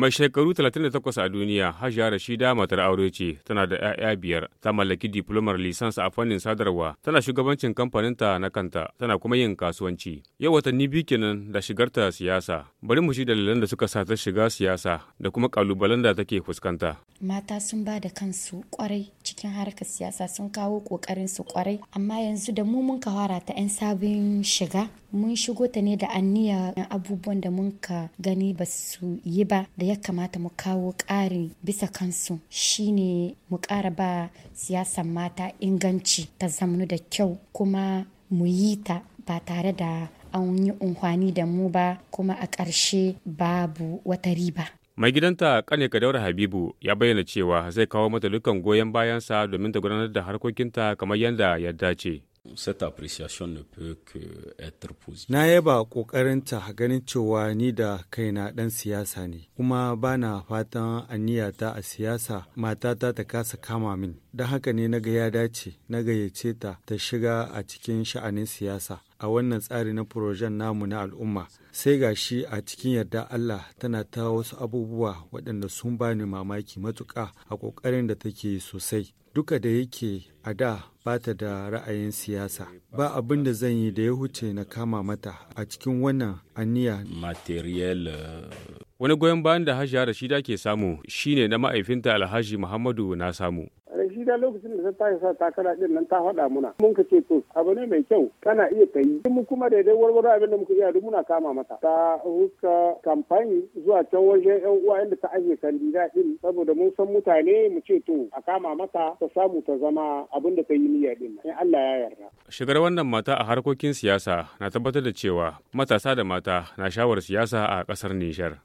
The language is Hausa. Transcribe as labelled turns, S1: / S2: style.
S1: Mai shekaru 38 a duniya, Hajiya Rashida matar aure ce, tana da 'ya'ya biyar, ta mallaki diplomar lisansa a fannin sadarwa, tana shugabancin kamfaninta na kanta, tana kuma yin kasuwanci. Yau watanni biyu kenan da shigarta siyasa. Bari mu shi dalilan da suka sa ta shiga siyasa da kuma kalubalen da take fuskanta.
S2: Mata sun ba da kansu kwarai cikin harkar siyasa sun kawo kokarin su kwarai, amma yanzu da mu mun kawara ta 'yan sabon shiga, mun shigo ta ne da anniya abubuwan da mun ka gani ba su yi ba da ya kamata mu kawo ƙarin bisa kansu shine mu ƙara ba siyasan mata inganci ta zamanu da kyau kuma mu yi ta ba tare da an yi unhwani da mu ba kuma a ƙarshe babu wata riba.
S1: Mai gidanta kane Kadaura Habibu ya bayyana cewa zai kawo mata dukkan goyon bayansa domin ta gudanar da harkokinta kamar yadda ya dace. Cette appréciation ne
S3: Na yaba ƙoƙarinta ganin cewa ni da kaina ɗan siyasa ne, kuma ba na fatan aniyata a siyasa matata ta kasa kama min. Don haka ne naga ya dace, na gayyace ta ta shiga a cikin sha'anin siyasa. a wannan tsari na projen namu na al'umma sai ga shi a cikin yarda Allah tana ta wasu abubuwa waɗanda sun bani mamaki matuƙa a ƙoƙarin da take sosai duka da yake a da ba ta da ra'ayin siyasa ba abin da zan yi da ya huce na kama mata a cikin wannan aniya
S1: material euh, wani goyon bayan da hajiya rashida ke samu shine na ma'aifinta alhaji muhammadu na samu
S4: gaskiya lokacin da ta tashi sa takara din nan ta faɗa muna mun ka ce to abu ne mai kyau kana iya ka yi mu kuma daidai warware abin da muka iya duk muna kama mata ta huska kamfani zuwa can wajen yan uwa inda ta ajiye kandida din saboda mun san mutane mu ce to a kama mata ta samu ta zama abin da ta yi niyya din in Allah ya yarda
S1: shigar wannan mata a harkokin siyasa na tabbatar da cewa matasa da mata na shawar siyasa a ƙasar Nijar